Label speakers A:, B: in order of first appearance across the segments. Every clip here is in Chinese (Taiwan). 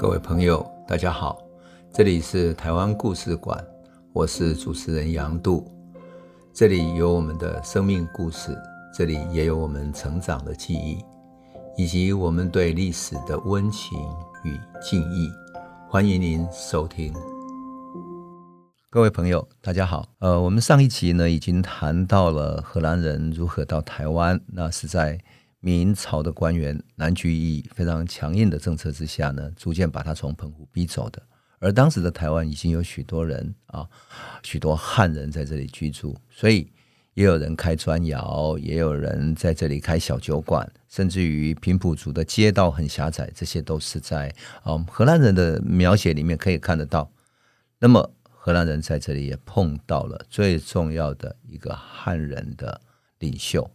A: 各位朋友，大家好，這裡是台灣故事館，我是主持人楊度，這裡有我們的生命故事，這裡也有我們成長的記憶，以及我們對歷史的溫情與敬意，歡迎您收聽。各位朋友，大家好，呃，我們上一集呢已經談到了荷蘭人如何到台灣，那是在，明朝的官員南居益非常強硬的政策之下呢，逐漸把他從澎湖逼走的。而當時的台灣已經有許多人啊，許多漢人在這裡居住，所以也有人開磚窯，也有人在這裡開小酒館，甚至於平埔族的街道很狹窄，這些都是在嗯、啊、荷蘭人的描寫裡面可以看得到。那麼荷蘭人在這裡也碰到了最重要的一個漢人的領袖。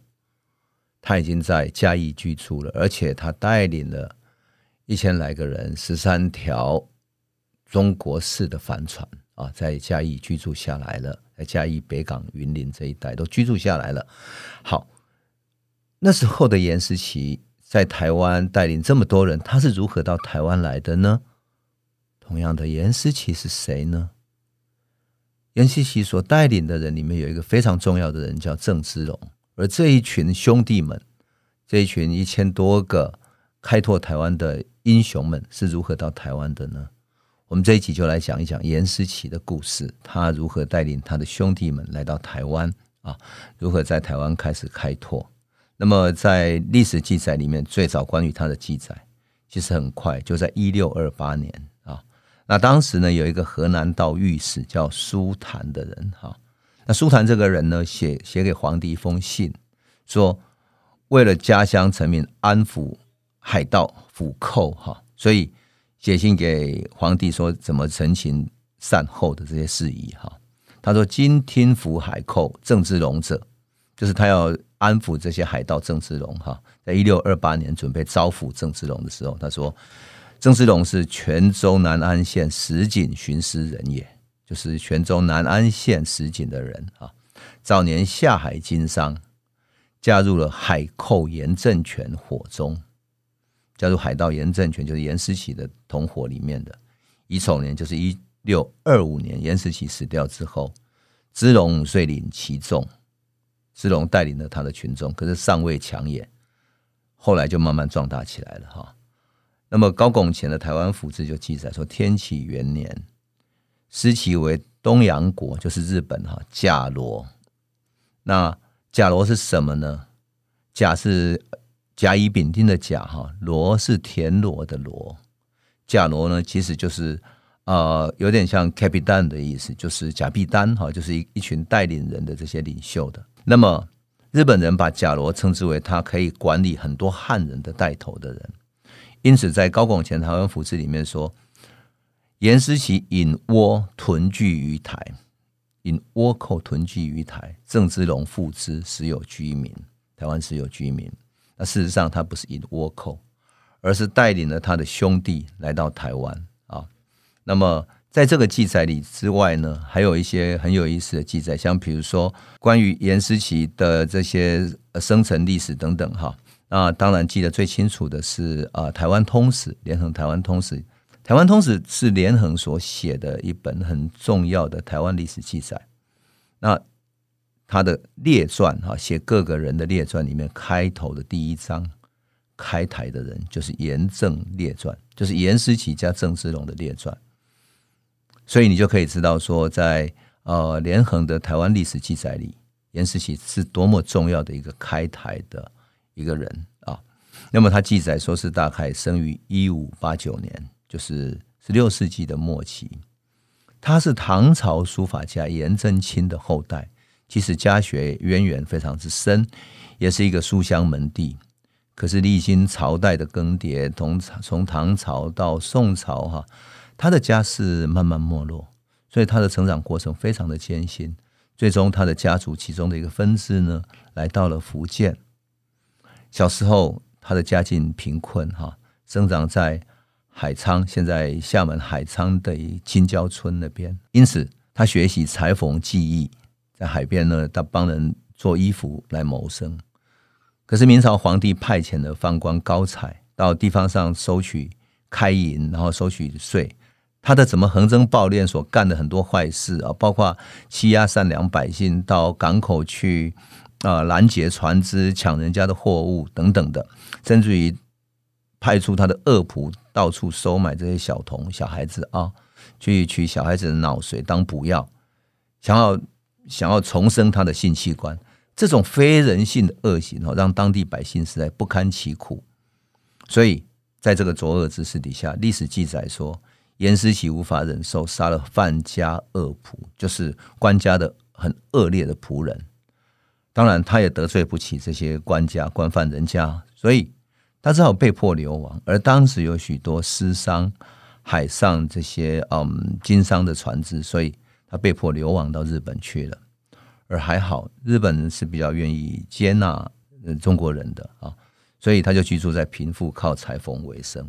A: 他已經在嘉義居住了，而且他帶領了一千來個人，十三條中國式的帆船啊，在嘉義居住下來了，在嘉義北港、雲林這一帶都居住下來了。好，那時候的顏思齊在台灣帶領這麼多人，他是如何到台灣來的呢？同樣的，顏思齊是誰呢？顏思齊所帶領的人裡面有一個非常重要的人，叫鄭芝龍。而這一群兄弟們，這一群一千多個開拓台灣的英雄們是如何到台灣的呢？我們這一集就來講一講顏思齊的故事，他如何帶領他的兄弟們來到台灣啊？如何在台灣開始開拓？那麼在歷史記載裡面，最早關於他的記載，其實很快就在一六二八年啊。那當時呢，有一個河南道御史叫蘇談的人哈。啊那蘇檀這個人呢，寫寫給皇帝一封信，說為了家鄉臣民安撫海盜福寇哈，所以寫信給皇帝說怎麼陳情善後的這些事宜哈。他說今天撫海寇鄭芝龍者，就是他要安撫這些海盜鄭芝龍哈。在一六二八年準備招撫鄭芝龍的時候，他說鄭芝龍是泉州南安縣石井巡司人也。就是泉州南安縣石井的人啊，早年下海經商，加入了海寇嚴政權夥中，加入海盜嚴政權就是顏思齊的同夥裡面的。乙丑年就是一六二五年，顏思齊死掉之後，芝龍遂領其眾，芝龍帶領了他的群眾，可是尚未強也，後來就慢慢壯大起來了哈、啊。那麼高拱乾的《台灣府志》就記載說，天啟元年。思齊為東洋國，就是日本哈。甲螺，那甲螺是什麼呢？甲是甲乙丙丁的甲哈，羅是田螺的螺。甲螺呢，其實就是呃，有點像 kapitan 的意思，就是甲必丹哈，就是一一群帶領人的這些領袖的。那麼日本人把甲螺稱之為他可以管理很多漢人的帶頭的人，因此在高拱乾台灣府志裡面說。嚴思齊引倭屯聚於台，引倭寇屯聚於台。鄭芝龍附之，始有居民。台灣始有居民。那事實上，他不是引倭寇，而是帶領了他的兄弟來到台灣啊。那麼，在這個記載裡之外呢，還有一些很有意思的記載，像比如說關於顏思齊的這些生辰歷史等等哈。那當然記得最清楚的是啊，呃《台灣通史》連橫《台灣通史》。台灣通史是連橫所寫的一本很重要的台灣歷史記載。那他的列傳哈，寫各個人的列傳裡面，開頭的第一章開台的人就是顏鄭列傳，就是顏思齊加鄭芝龍的列傳。所以你就可以知道說，在呃連橫的台灣歷史記載裡，顏思齊是多麼重要的一個開台的一個人啊。那麼他記載說是大概生於一五八九年。就是十六世紀的末期，他是唐朝書法家顏真卿的後代，其實家學淵源非常之深，也是一個書香門第。可是歷經朝代的更迭，從從唐朝到宋朝，哈，他的家世慢慢沒落，所以他的成長過程非常的艱辛。最終，他的家族其中的一個分支呢，來到了福建。小時候，他的家境貧困，哈，生長在。海澄，現在廈門海滄的青礁村那邊，因此他學習裁縫技藝，在海邊呢，他幫人做衣服來謀生。可是明朝皇帝派遣的宦官高宷到地方上收取開銀，然後收取稅，他的怎麼橫征暴斂所幹的很多壞事啊，包括欺壓善良百姓，到港口去啊攔截船隻，搶人家的貨物等等的，甚至於。派出他的惡僕到處收買這些小童小孩子啊，去取小孩子的腦髓當補藥，想要想要重生他的性器官。這種非人性的惡行讓當地百姓實在不堪其苦。所以，在這個濁惡之世底下，歷史記載說，顏思齊無法忍受，殺了宦家惡僕，就是官家的很惡劣的僕人。當然，他也得罪不起這些官家官宦人家，所以。他只好被迫流亡，而當時有許多私商海上這些嗯經商的船只，所以他被迫流亡到日本去了。而還好，日本人是比較願意接納嗯中國人的啊，所以他就居住在平戶，靠裁縫為生，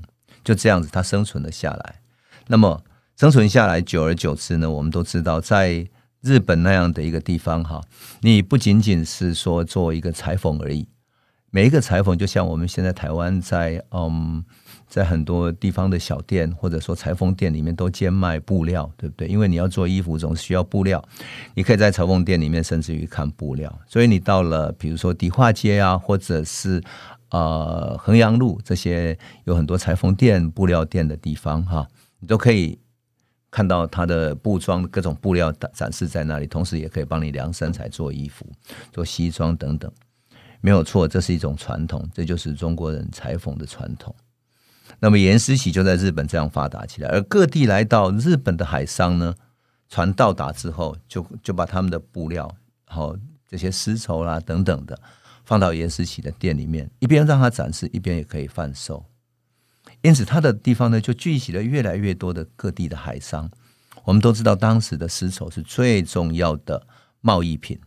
A: 就這樣子他生存了下來。那麼生存下來，久而久之呢，我們都知道，在日本那樣的一個地方哈，你不僅僅是說做一個裁縫而已。每一個裁縫，就像我們現在台灣在嗯，在很多地方的小店，或者說裁縫店裡面都兼賣布料，對不對？因為你要做衣服，總是需要布料。你可以在裁縫店裡面，甚至於看布料。所以你到了，比如說迪化街啊，或者是呃衡陽路這些有很多裁縫店、布料店的地方，哈，你都可以看到它的布裝各種布料展示在那裡，同時也可以幫你量身材做衣服、做西裝等等。沒有錯，這是一種傳統，這就是中國人裁縫的傳統。那麼，顏思齊就在日本這樣發達起來，而各地來到日本的海商呢，船到達之後就，就就把他們的布料、然後這些絲綢啦、啊、等等的放到顏思齊的店裡面，一邊讓他展示，一邊也可以販售。因此，他的地方呢就聚集了越來越多的各地的海商。我們都知道，當時的絲綢是最重要的貿易品。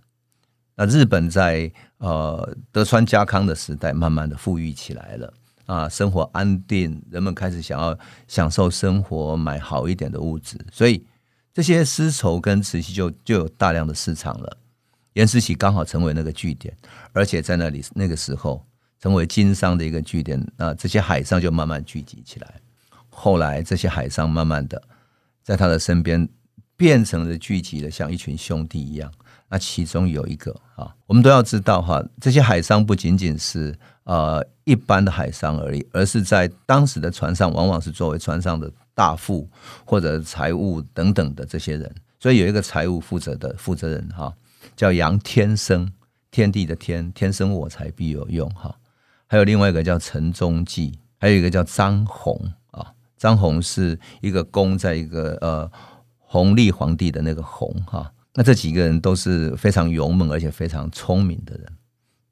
A: 那日本在呃德川家康的時代，慢慢的富裕起來了啊，生活安定，人們開始想要享受生活，買好一點的物質，所以這些絲綢跟瓷器就就有大量的市場了。顏思齊剛好成為那個據點，而且在那裡那個時候成為經商的一個據點，啊，這些海商就慢慢聚集起來，後來這些海商慢慢的在他的身邊變成了聚集了像一群兄弟一樣。那其中有一個哈，我們都要知道哈，這些海商不僅僅是呃一般的海商而已，而是在當時的船上往往是作為船上的大副或者財務等等的這些人，所以有一個財務負責的負責人哈，叫楊天生，天地的天，天生我材必有用哈，還有另外一個叫陳衷紀，還有一個叫張弘啊，張弘是一個弓在一個呃弘曆皇帝的那個弘哈。那這幾個人都是非常勇猛而且非常聰明的人，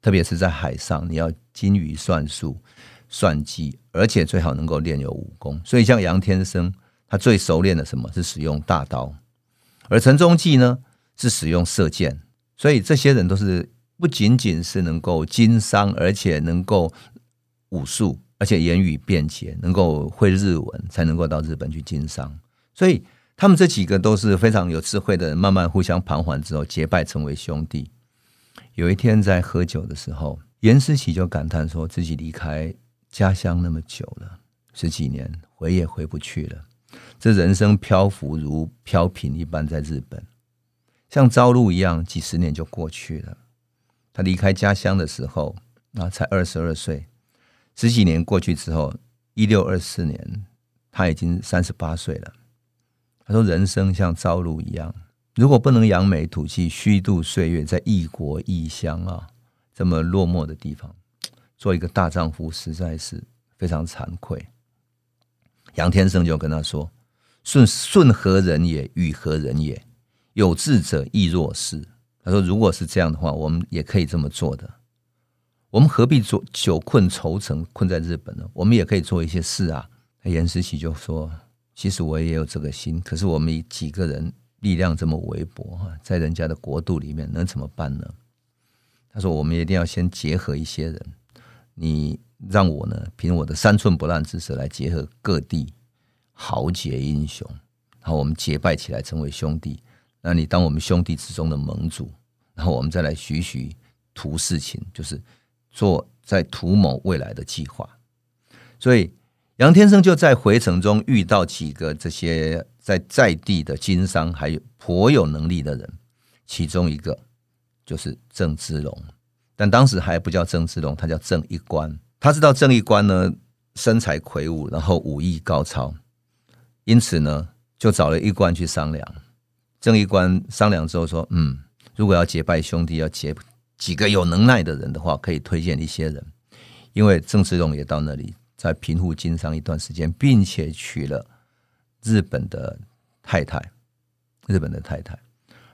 A: 特別是在海上，你要精於算術、算計，而且最好能夠練有武功。所以像楊天生，他最熟練的什麼是使用大刀；而陳中濟呢，是使用射箭。所以這些人都是不僅僅是能夠經商，而且能夠武術，而且言語便捷，能夠會日文，才能夠到日本去經商。所以。他們這幾個都是非常有智慧的人，慢慢互相盤桓之後，結拜成為兄弟。有一天在喝酒的時候，顏思齊就感嘆說自己離開家鄉那麼久了，十幾年回也回不去了。這人生漂浮如飄萍一般，在日本，像朝露一樣，幾十年就過去了。他離開家鄉的時候，那才二十二歲，十幾年過去之後，一六二四年，他已經三十八歲了。他說：“人生像朝露一樣，如果不能揚眉吐氣、虛度歲月，在異國異鄉啊，這麼落寞的地方，做一個大丈夫，實在是非常慚愧。”楊天生就跟他說：“舜舜何人也？予何人也？有志者亦若是。”他說：“如果是這樣的話，我們也可以這麼做的。我們何必做久困愁城，困在日本呢？我們也可以做一些事啊。欸”顏思齊就說。其實我也有這個心，可是我們以幾個人力量這麼微薄，在人家的國度裡面能怎麼辦呢？他說：“我們一定要先結合一些人，你讓我呢憑我的三寸不爛之舌來結合各地豪傑英雄，然後我們結拜起來成為兄弟。那你當我們兄弟之中的盟主，然後我們再來徐徐圖事情，就是做在圖謀未來的計劃。所以。”楊天生就在回程中遇到幾個這些在在地的經商，還有頗有能力的人，其中一個就是鄭芝龍，但當時還不叫鄭芝龍，他叫鄭一官。他知道鄭一官呢，身材魁梧，然後武藝高超，因此呢就找了一官去商量。鄭一官商量之後說：“嗯，如果要結拜兄弟，要結幾個有能耐的人的話，可以推薦一些人，因為鄭芝龍也到那裡。”在平戶經商一段時間，並且娶了日本的太太，日本的太太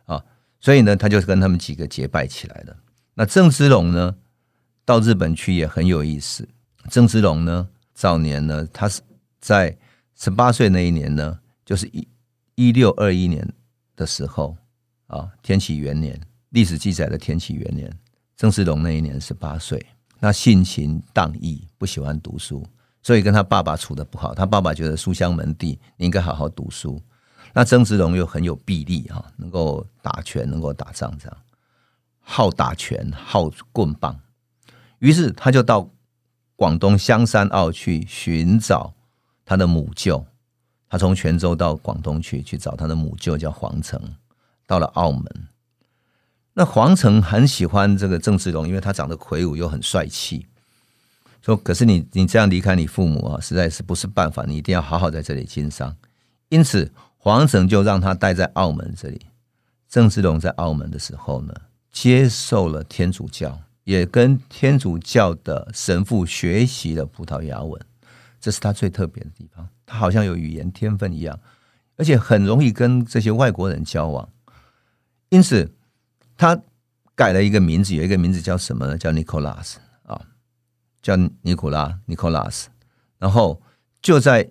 A: 啊，所以呢，他就是跟他們幾個結拜起來了。那鄭芝龍呢，到日本去也很有意思。鄭芝龍呢，早年呢，他是在十八歲那一年呢，就是一一六二一年的時候啊，天啟元年，歷史記載的天啟元年，鄭芝龍那一年十八歲，那性情蕩逸，不喜歡讀書。所以跟他爸爸處得不好，他爸爸覺得書香門第，你應該好好讀書。那鄭芝龍又很有臂力哈，能夠打拳，能夠打仗，這樣。好打拳，好棍棒。於是他就到廣東香山澳去尋找他的母舅。他從泉州到廣東去去找他的母舅，叫黃成。到了澳門，那黃成很喜歡這個鄭芝龍，因為他長得魁梧又很帥氣。說，可是你你這樣離開你父母啊，實在是不是辦法。你一定要好好在這裡經商。因此，黃程就讓他待在澳門這裡。鄭芝龍在澳門的時候呢，接受了天主教，也跟天主教的神父學習了葡萄牙文。這是他最特別的地方，他好像有語言天分一樣，而且很容易跟這些外國人交往。因此，他改了一個名字，有一個名字叫什麼呢？叫 Nicolas。叫尼古拉，尼古拉斯，然後就在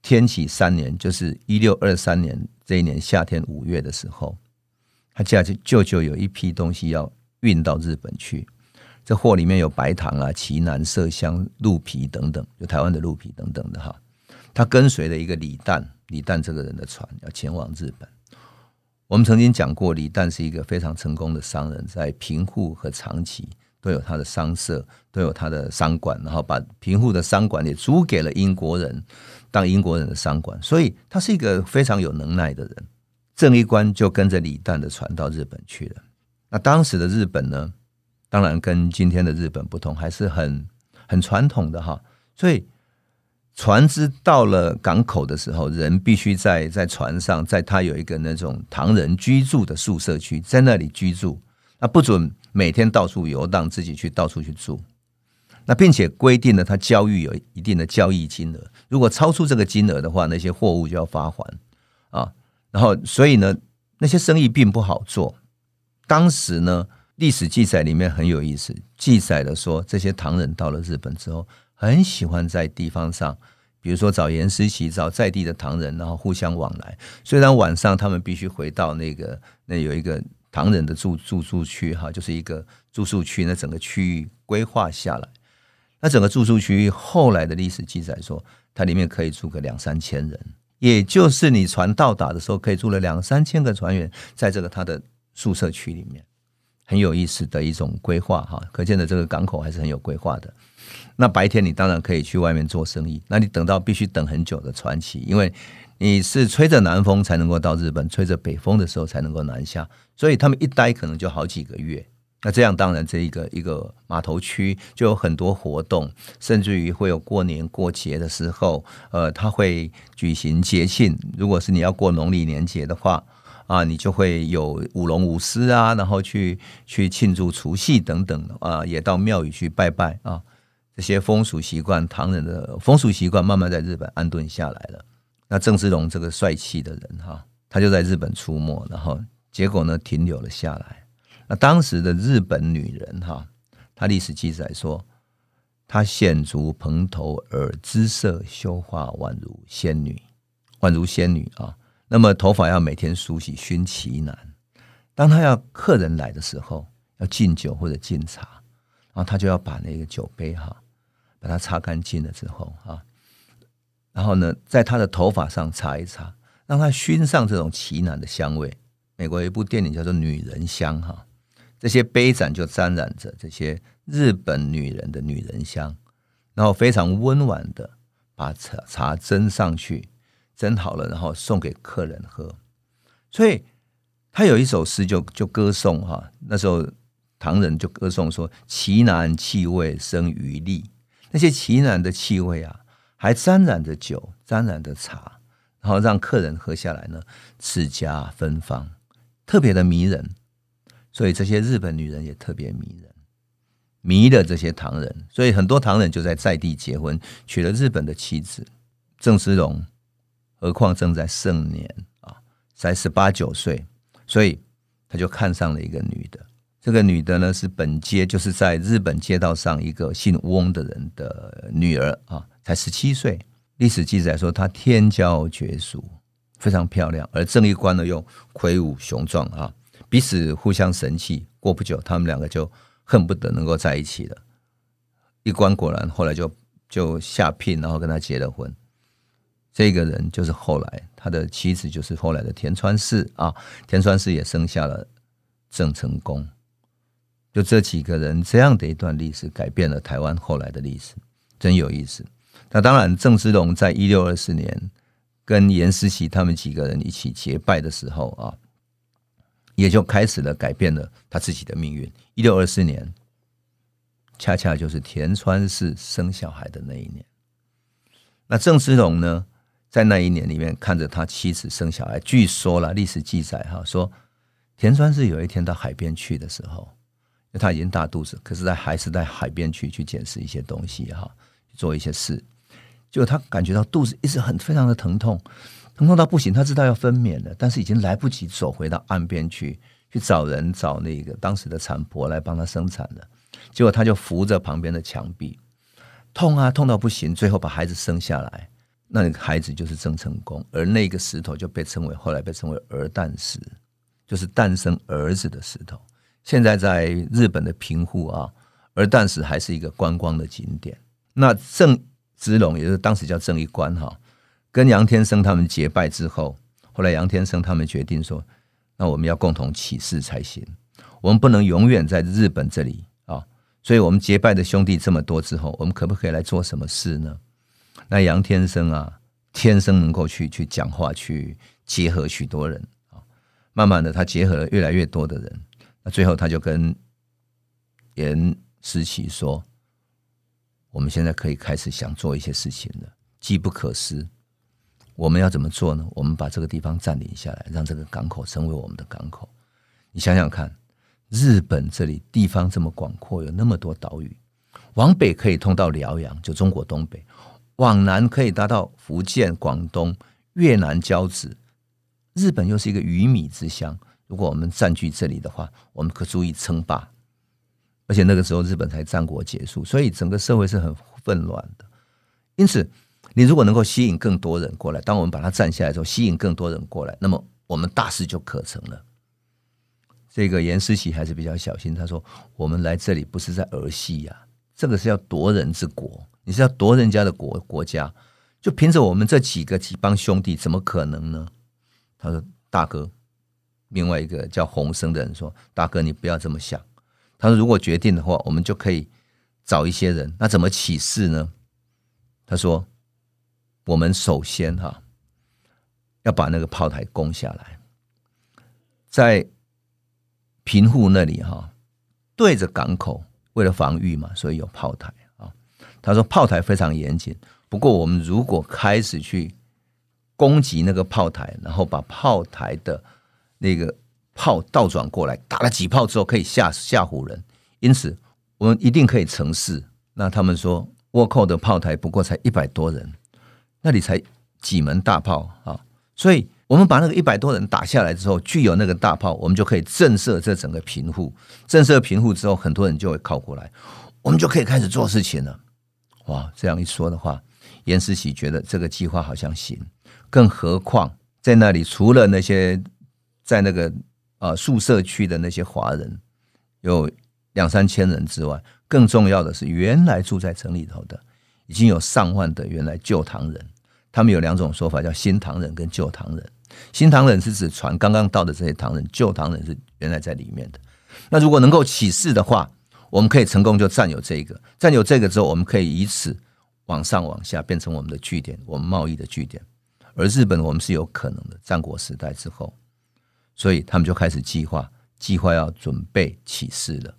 A: 天啟三年，就是一六二三年這一年夏天五月的時候，他家就舅舅有一批東西要運到日本去。這貨裡面有白糖啊、奇楠、麝香、鹿皮等等，有台灣的鹿皮等等的哈。他跟隨了一個李旦，李旦這個人的船要前往日本。我們曾經講過，李旦是一個非常成功的商人，在平戶和長崎。都有他的商社，都有他的商館，然後把平戶的商館也租給了英國人當英國人的商館，所以他是一個非常有能耐的人。鄭一官就跟着李旦的船到日本去了。那當時的日本呢，當然跟今天的日本不同，還是很很傳統的哈。所以船只到了港口的時候，人必須在在船上，在他有一個那種唐人居住的宿舍區，在那裡居住。那不准每天到處游蕩，自己去到處去住。那並且規定了他交易有一定的交易金額，如果超出這個金額的話，那些貨物就要發還啊。然後，所以呢，那些生意並不好做。當時呢，歷史記載裡面很有意思，記載了說，這些唐人到了日本之後，很喜歡在地方上，比如說找顏思齊，找在地的唐人，然後互相往來。雖然晚上他們必須回到那個那有一個。唐人的住住宿區哈，就是一個住宿區。那整個區域規劃下來，那整個住宿區後來的歷史記載說，它裡面可以住個兩三千人，也就是你船到達的時候，可以住了兩三千個船員在這個它的宿舍區裡面，很有意思的一種規劃哈。可見的這個港口還是很有規劃的。那白天你當然可以去外面做生意，那你等到必須等很久的船期，因為。你是吹着南風才能夠到日本，吹着北風的時候才能夠南下，所以他們一待可能就好幾個月。那這樣當然，這一個一個碼頭區就有很多活動，甚至於會有過年過節的時候，呃，他會舉行節慶。如果是你要過農曆年節的話，啊，你就會有舞龍舞獅啊，然後去去慶祝除夕等等啊，也到廟宇去拜拜啊。這些風俗習慣，唐人的風俗習慣慢慢在日本安頓下來了。那鄭芝龍這個帥氣的人哈，他就在日本出沒，然後結果呢，停留了下來。那當時的日本女人哈，他歷史記載說，她跣足蓬頭而，姿色羞花，宛如仙女，宛如仙女啊。那麼頭髮要每天梳洗，熏奇難。當他要客人來的時候，要敬酒或者敬茶，然後他就要把那個酒杯哈，把它擦乾淨了之後啊。然後呢，在他的頭髮上擦一擦，讓他熏上這種奇楠的香味。美國有一部電影叫做《女人香》哈、啊，這些杯盞就沾染着這些日本女人的女人香，然後非常溫婉的把茶茶蒸上去，蒸好了，然後送給客人喝。所以他有一首詩就就歌頌哈、啊，那時候唐人就歌頌說，「奇楠氣味生餘力」，那些奇楠的氣味啊。還沾染着酒，沾染着茶，然後讓客人喝下來呢，齒頰芬芳，特別的迷人。所以這些日本女人也特別迷人，迷了這些唐人。所以很多唐人就在在地結婚，娶了日本的妻子。鄭芝龍，何況正在盛年啊，才十八九歲，所以他就看上了一個女的。這個女的呢，是本街，就是在日本街道上一個姓翁的人的女兒啊。才十七歲，歷史記載說他天驕絕俗，非常漂亮。而鄭一官呢，又魁梧雄壯啊，彼此互相神氣。過不久，他們兩個就恨不得能夠在一起了。一官果然，後來就就下聘，然後跟他結了婚。這個人就是後來他的妻子，就是後來的田川氏啊。田川氏也生下了鄭成功。就這幾個人這樣的一段歷史，改變了台灣後來的歷史，真有意思。那當然，鄭芝龍在一六二四年跟顏思齊他們幾個人一起結拜的時候啊，也就開始了改變了他自己的命運。一六二四年，恰恰就是田川氏生小孩的那一年。那鄭芝龍呢，在那一年裡面看着他妻子生小孩，據說了歷史記載哈，說田川氏有一天到海邊去的時候，因為他已經大肚子，可是他還是在海邊去去撿拾一些東西哈，做一些事。就他感覺到肚子一直很非常的疼痛，疼痛到不行。他知道要分娩了，但是已經來不及走回到岸邊去去找人找那個當時的產婆來幫他生產了。結果他就扶着旁邊的牆壁，痛啊痛到不行。最後把孩子生下來，那個孩子就是鄭成功，而那個石頭就被稱為後來被稱為兒誕石，就是誕生兒子的石頭。現在在日本的平戶啊，兒誕石還是一個觀光的景點。那鄭，芝龍也就是當時叫正義官哈，跟楊天生他們結拜之後，後來楊天生他們決定說，那我們要共同起事才行，我們不能永遠在日本這裡啊，所以我們結拜的兄弟這麼多之後，我們可不可以來做什麼事呢？那楊天生啊，天生能夠去去講話，去結合許多人啊，慢慢的他結合了越來越多的人，那最後他就跟顏思齊說。我們現在可以開始想做一些事情了，機不可失。我們要怎麼做呢？我們把這個地方占領下來，讓這個港口成為我們的港口。你想想看，日本這裡地方這麼廣闊，有那麼多島嶼，往北可以通到遼陽，就中國東北；往南可以達到福建、廣東、越南交趾。日本又是一個魚米之鄉，如果我們占據這裡的話，我們可足以稱霸。而且那個時候日本才戰國結束，所以整個社會是很混亂的。因此，你如果能夠吸引更多人過來，當我們把它占下來之後，吸引更多人過來，那麼我們大事就可成了。這個顏思齊還是比較小心，他說：“我們來這裡不是在兒戲呀、啊，這個是要奪人之國，你是要奪人家的國國家，就憑着我們這幾個幾幫兄弟，怎麼可能呢？”他說：“大哥。”另外一個叫洪生的人說：“大哥，你不要這麼想。”他說：“如果決定的話，我們就可以找一些人。那怎麼起事呢？”他說：“我們首先哈、啊、要把那個炮台攻下來，在平戶那裡哈、啊、對着港口，為了防禦嘛，所以有炮台啊。”他說：“炮台非常嚴謹，不過我們如果開始去攻擊那個炮台，然後把炮台的那個。”炮倒轉過來打了幾炮之後，可以嚇吓唬人。因此，我們一定可以成事。那他們說，倭寇的炮台不過才一百多人，那裡才幾門大炮啊！所以，我們把那個一百多人打下來之後，具有那個大炮，我們就可以震懾這整個平戶。震懾平戶之後，很多人就會靠過來，我們就可以開始做事情了。哇，這樣一說的話，顏思齊覺得這個計劃好像行。更何況，在那裡除了那些在那個。啊，宿舍區的那些華人有兩三千人之外，更重要的是，原來住在城裡頭的已經有上萬的原來舊唐人，他們有兩種說法，叫新唐人跟舊唐人。新唐人是指船剛剛到的這些唐人，舊唐人是原來在裡面的。那如果能夠起事的話，我們可以成功，就占有這個，占有這個之後，我們可以以此往上往下變成我們的據點，我們貿易的據點。而日本，我們是有可能的，戰國時代之後。所以他們就開始計劃，計劃要準備起事了。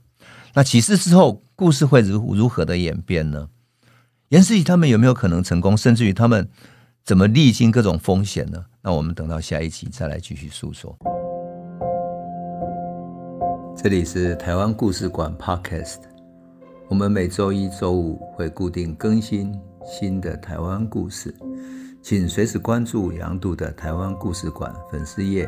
A: 那起事之後，故事會如何如何的演變呢？顏思齊他們有沒有可能成功？甚至於他們怎麼歷經各種風險呢？那我們等到下一集再來繼續訴說。這裡是台灣故事館 Podcast，我們每周一周五會固定更新新的台灣故事，請隨時關注楊渡的台灣故事館粉絲頁。